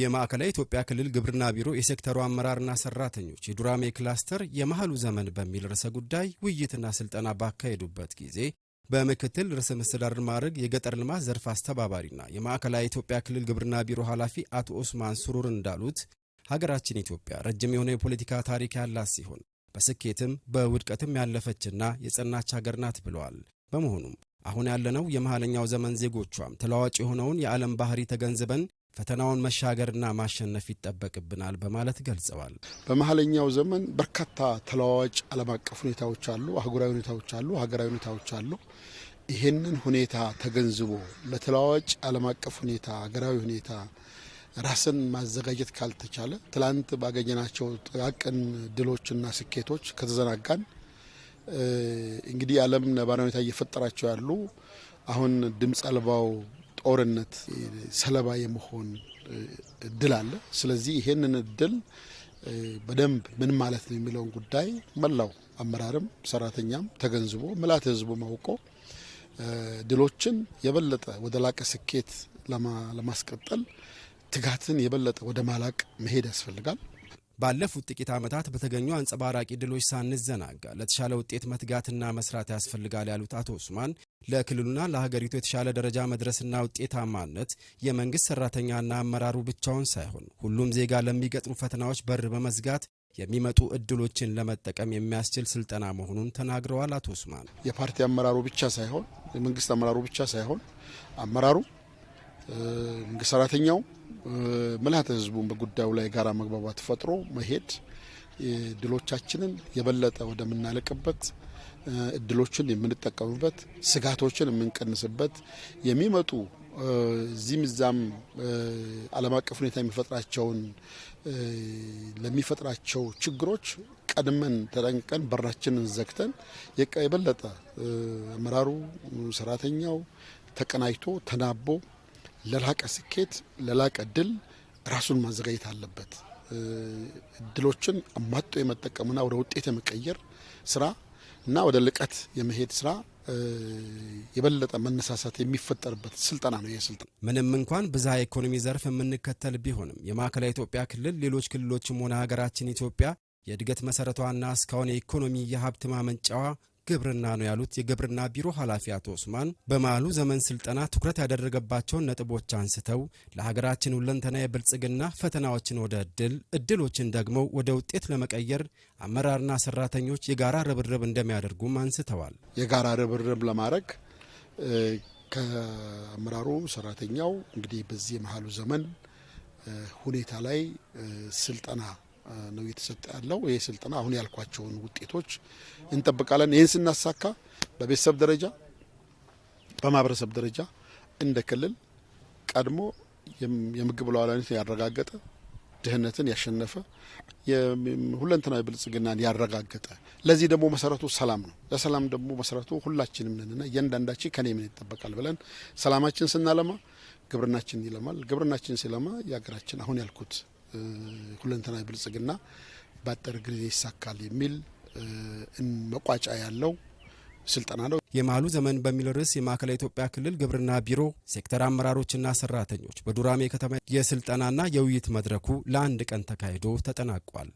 የማዕከላዊ ኢትዮጵያ ክልል ግብርና ቢሮ የሴክተሩ አመራርና ሰራተኞች የዱራሜ ክላስተር የመሃሉ ዘመን በሚል ርዕሰ ጉዳይ ውይይትና ስልጠና ባካሄዱበት ጊዜ በምክትል ርዕሰ መስተዳድር ማዕረግ የገጠር ልማት ዘርፍ አስተባባሪና የማዕከላዊ ኢትዮጵያ ክልል ግብርና ቢሮ ኃላፊ አቶ ኦስማን ስሩር እንዳሉት ሀገራችን ኢትዮጵያ ረጅም የሆነ የፖለቲካ ታሪክ ያላት ሲሆን በስኬትም በውድቀትም ያለፈችና የጸናች ሀገር ናት ብለዋል። በመሆኑም አሁን ያለነው የመሃለኛው ዘመን ዜጎቿም ተለዋጭ የሆነውን የዓለም ባህሪ ተገንዝበን ፈተናውን መሻገርና ማሸነፍ ይጠበቅብናል በማለት ገልጸዋል። በመሀለኛው ዘመን በርካታ ተለዋዋጭ ዓለም አቀፍ ሁኔታዎች አሉ፣ አህጉራዊ ሁኔታዎች አሉ፣ ሀገራዊ ሁኔታዎች አሉ። ይህንን ሁኔታ ተገንዝቦ ለተለዋዋጭ ዓለም አቀፍ ሁኔታ፣ ሀገራዊ ሁኔታ ራስን ማዘጋጀት ካልተቻለ ትላንት ባገኘናቸው ጥቃቅን ድሎችና ስኬቶች ከተዘናጋን እንግዲህ አለም ነባራዊ ሁኔታ እየፈጠራቸው ያሉ አሁን ድምፅ አልባው ጦርነት ሰለባ የመሆን እድል አለ። ስለዚህ ይህንን እድል በደንብ ምን ማለት ነው የሚለውን ጉዳይ መላው አመራርም ሰራተኛም ተገንዝቦ ምላት ህዝቡ አውቆ ድሎችን የበለጠ ወደ ላቀ ስኬት ለማስቀጠል ትጋትን የበለጠ ወደ ማላቅ መሄድ ያስፈልጋል። ባለፉት ጥቂት ዓመታት በተገኙ አንጸባራቂ ድሎች ሳንዘናጋ ለተሻለ ውጤት መትጋትና መስራት ያስፈልጋል ያሉት አቶ ኡስማን ለክልሉና ለሀገሪቱ የተሻለ ደረጃ መድረስና ውጤታማነት የመንግስት ሰራተኛና አመራሩ ብቻውን ሳይሆን ሁሉም ዜጋ ለሚገጥሙ ፈተናዎች በር በመዝጋት የሚመጡ እድሎችን ለመጠቀም የሚያስችል ስልጠና መሆኑን ተናግረዋል። አቶ ኡስማን የፓርቲ አመራሩ ብቻ ሳይሆን የመንግስት አመራሩ ብቻ ሳይሆን አመራሩ መንግስት ሰራተኛው ምልሃተ ህዝቡን በጉዳዩ ላይ የጋራ መግባባት ፈጥሮ መሄድ ድሎቻችንን የበለጠ ወደምናልቅበት እድሎችን የምንጠቀምበት ስጋቶችን የምንቀንስበት የሚመጡ እዚህም እዛም ዓለም አቀፍ ሁኔታ የሚፈጥራቸውን ለሚፈጥራቸው ችግሮች ቀድመን ተጠንቅቀን በራችንን ዘግተን የበለጠ አመራሩ ሰራተኛው ተቀናጅቶ ተናቦ ለላቀ ስኬት ለላቀ ድል ራሱን ማዘጋጀት አለበት። እድሎችን አሟጦ የመጠቀሙና ወደ ውጤት የመቀየር ስራ እና ወደ ልቀት የመሄድ ስራ የበለጠ መነሳሳት የሚፈጠርበት ስልጠና ነው። ይህ ስልጠና ምንም እንኳን ብዝሃ የኢኮኖሚ ዘርፍ የምንከተል ቢሆንም የማዕከላዊ ኢትዮጵያ ክልል ሌሎች ክልሎችም ሆነ ሀገራችን ኢትዮጵያ የእድገት መሰረቷና እስካሁን የኢኮኖሚ የሀብት ማመንጫዋ ግብርና ነው ያሉት የግብርና ቢሮ ኃላፊ አቶ ኡስማን በመሃሉ ዘመን ስልጠና ትኩረት ያደረገባቸውን ነጥቦች አንስተው ለሀገራችን ሁለንተና የብልጽግና ፈተናዎችን ወደ እድል እድሎችን ደግሞ ወደ ውጤት ለመቀየር አመራርና ሰራተኞች የጋራ ርብርብ እንደሚያደርጉም አንስተዋል። የጋራ ርብርብ ለማድረግ ከአመራሩ ሰራተኛው እንግዲህ በዚህ የመሃሉ ዘመን ሁኔታ ላይ ስልጠና ነው እየተሰጠ ያለው ይህ ስልጠና። አሁን ያልኳቸውን ውጤቶች እንጠብቃለን። ይህን ስናሳካ በቤተሰብ ደረጃ በማህበረሰብ ደረጃ እንደ ክልል ቀድሞ የምግብ ሉዓላዊነትን ያረጋገጠ ድህነትን ያሸነፈ ሁለንተናዊ ብልጽግናን ያረጋገጠ። ለዚህ ደግሞ መሰረቱ ሰላም ነው። ለሰላም ደግሞ መሰረቱ ሁላችንም ነንና እያንዳንዳችን ከኔ ምን ይጠበቃል ብለን ሰላማችን ስናለማ ግብርናችን ይለማል። ግብርናችን ሲለማ የሀገራችን አሁን ያልኩት ሁለንተናዊ ብልጽግና በአጠር ጊዜ ይሳካል የሚል መቋጫ ያለው ስልጠና ነው። የመሃሉ ዘመን በሚል ርዕስ የማዕከላዊ ኢትዮጵያ ክልል ግብርና ቢሮ ሴክተር አመራሮችና ሰራተኞች በዱራሜ ከተማ የስልጠናና የውይይት መድረኩ ለአንድ ቀን ተካሂዶ ተጠናቋል።